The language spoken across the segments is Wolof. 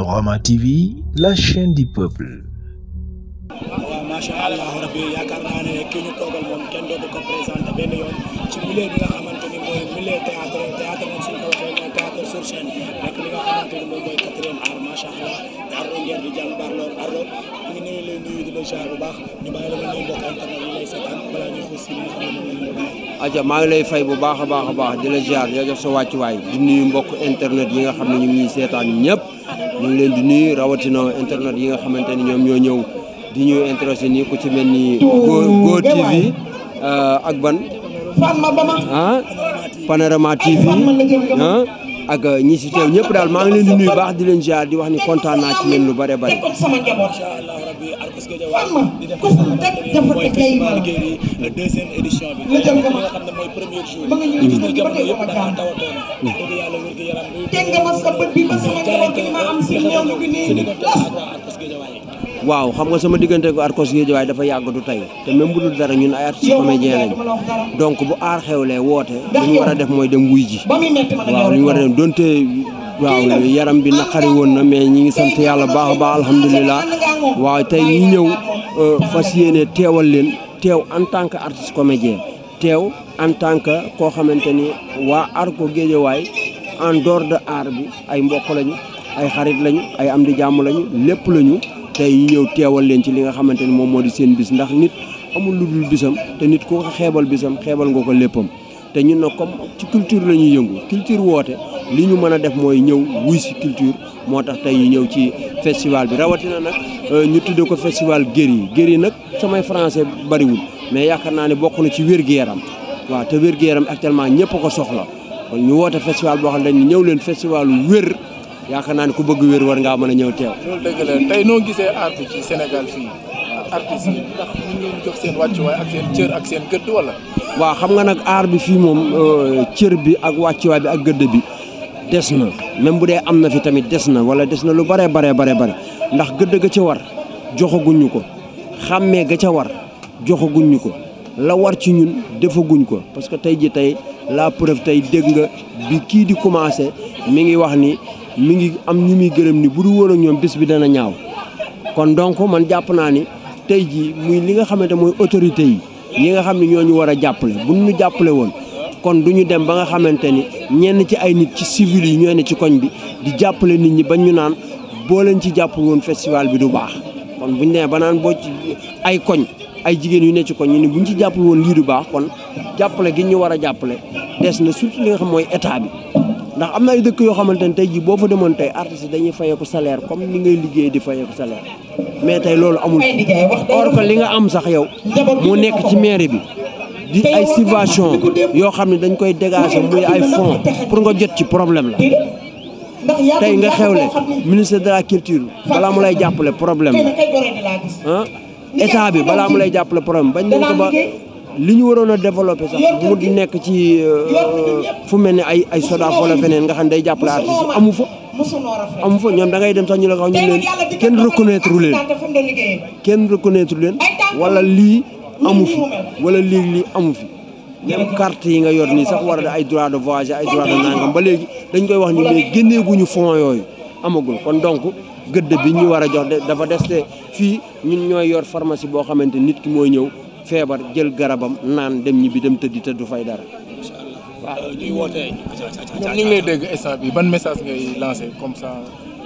Panorama TV la chaîne du peuple. waaw macha allah rabbi yaakaar naa ne kii ñu toogal moom kenn dootu ko présenté benn yoon ci milieu bi nga xamante ni mooy milieu théâtre théâtre moom suñu ko waxee mooy théâtre sur scène nekk li nga xamante ni moom art macha allah te Ardo Nguer di jàmbaar lool Ardo ñu ngi lay nuyu di la ziar bu baax ñu bàyyi la nga nuyu mbokk internet yi lay seetaan aja maa ngi lay fay bu baax a baax a baax di la ziar di la jox sa wàccuwaay di nuyu mbokk internet yi nga xam ne ñu ngi ñuy seetaan ñëpp ñu leen di nuyu rawatina internet yi nga xamante ni ñoom ñoo ñëw di ñu intéressé nii ku ci mel ni Go TV euh, ak ban ah Panorama TV ah, ak euh, ñi si teew ñëpp daal maa ngi leen di nuyu baax di leen ziar di wax ni kontaan naa ci leen lu bare bare Euh, ma fas ma teg dafa bi ba sama njaboot gi waaw xam nga sama diggante ko Arcos Guédiawaye dafa yàgg du tey te même bu dul dara ñun ay artistes comédien lañ donc bu aar xewlee woote li ñu war a def mooy dem wuy ji waaw ñu war a dem donte waaw yaram bi naqari woon na mais ñi ngi sant yàlla baax a baax alhamdulilah waaw tey ñi ñëw euh, fas yéene teewal leen teew en tant que artiste comédien teew en tant que koo xamante ni waa Arco Guédiawaye en dehors de art bi ay mbokk lañu ay xarit lañu ay am di jàmm lañu lépp lañu tey ñi ñëw teewal leen ci li nga xamante ni moom moo di seen bis ndax nit amul lu dul bisam te nit ku ko xeebal bisam xeebal nga ko léppam te ñu nag comme ci culture la ñuy yëngu culture li ñu mën a def mooy ñëw wuy si culture moo tax tey ñëw ci festival bi rawatina nag euh, ñu tuddee ko festival gér yi gér yi nag samay français bariwul mais yaakaar naa ne bokk na ci wér-gu-yaram waaw te wér-gu-yaram actuellement ñëpp ko soxla ñu woote festival boo xam ne dañu ñëw leen festival wér yaakaar naa ne ku bëgg wér war ngaa mën a ñëw teew. loolu tey noo gisee art ci Sénégal fii artistes yi ndax ñu ngi ak seen cër seen gëdd wala. waaw xam nga nag art bi fii moom euh, cër bi ak wàccuwaay bi ak gëdd bi. des na même bu dee am na fi tamit des na wala des na lu bare bare bare bare ndax gëdd ga ca war joxaguñu ko xàmmee ga ca war joxaguñ ñu ko la war ci ñun defaguñ ko parce que tey ji tey la preuve tey dégg nga bi kii di commencé mi ngi wax ni mi ngi am ñu muy gërëm ni bu du woon ak ñoom bés bi dana ñaaw kon donc man jàpp naa ni tey jii muy li nga xamante mooy autorité yi yi nga xam ne ñoo ñu war a jàppale bu ñu jàppale woon kon du ñu dem ba nga xamante ni ñenn ci ay nit ci civil yi ñoo ne ci koñ bi di jàppale nit ñi bañ ñu naan boo ci jàpp woon festival bi du baax kon bu ñu demee ba naan boo ci ay koñ ay jigéen yu ne ci koñ ñu ne bu ñu ci jàppale woon lii du baax kon jàppale gi ñu war a jàppale des na surtout li nga xam mooy état bi. ndax am na dëkk yoo xamante ne tey jii boo fa demoon tey artiste dañuy fayeeku salaire comme ni ngay liggéey di fayeeku salaire mais tey loolu amul or li nga am sax yow moo nekk ci mairie bi. ay subvention yoo xam ne dañ koy dégager muy ay fonds pour nga jot ci problème la tey nga xewle ministre de la culture balaa mu lay jàppale problème la ah? bi balaa mu lay jàppale problème bañ nañ ko ba li ñu waroon a développé sax mu nekk ci euh, fu mel ni ay ay SODAV wala feneen nga xam ne day jàppale artiste amu fa amu fa ñoom da ngay dem sax ñu la ko ñu leen kenn reconnaître leen kenn leen lii amu fi wala léegi lii amu fi même carte yi nga yor nii sax war ay droit de voyage ay droit de nangam ba léegi dañ koy wax ni mais génneeguñu fonds yooyu amagul kon donc gëdd bi ñu war a jox dafa des te fii ñun ñooy yor pharmacie boo xamante nit ki mooy ñëw feebar jël garabam naan dem ñibbi dem tëddi te du fay dara. waaw euh, ñuy ñu ngi lay dégg instant bi ban message ngay lancé comme ça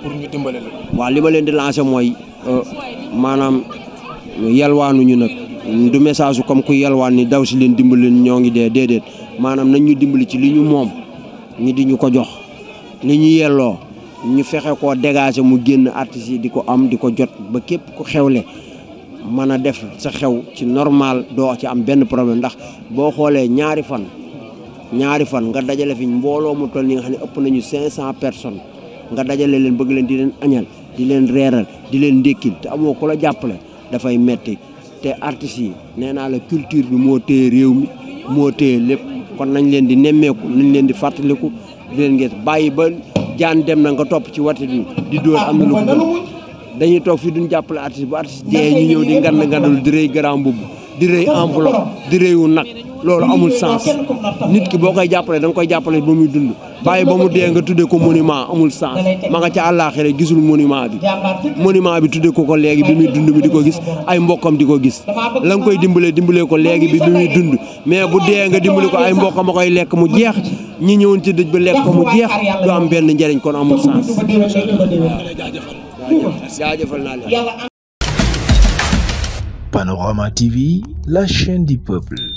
pour ñu dimbale la. waaw li ma leen di lancé mooy euh, maanaam yalwaanuñu nag. du message comme ku yelwaan ni daw si leen dimbali leen ñoo ngi dee déedéet maanaam nañ ñu dimbali ci li ñu moom ñi di ñu ko jox ni ñu yelloo ñu fexe ko dégager mu génn artistes di ko am di ko jot ba képp ku xewle mën a def sa xew ci normal doo ci am benn problème ndax boo xoolee ñaari fan ñaari fan nga dajale fi mbooloo mu toll ni nga xam ne ëpp nañu 500 personnes nga dajale leen bëgg leen di leen añal di leen reeral di leen ndékkil te amoo ku la jàppale dafay metti te artistes yi nee naa la culture bi moo téye réew mi moo téye lépp kon nañ leen di nemmeeku nañ leen di fàttaliku di leen ngees bàyyi ba jaan dem na nga topp ci wati bi di dóor am na lu ko dañuy toog fii duñ jàppale artiste bu artiste jee ñu ñëw di ngand ngandul di rëy grand mbubb di rëy enveloppe di rëyu nag loolu amul sens nit ki boo koy jàppalee da nga koy jàppale ba muy dund bàyyi ba mu dee nga tuddee ko monument amul sens ma nga ca àllaaxira gisul monument bi monument bi tuddee ko ko léegi bi muy dund bi di ko gis ay mbokkam di ko gis la koy dimbalee dimbalee ko léegi bi bi muy dund mais bu dee nga dimbale ko ay mbokkam a koy lekk mu jeex ñu ñëwoon ci dëj ba lekk ko mu jeex du am benn njariñ kon amul sens jaajëfal naa leen Panorama TV, la chaîne du peuple.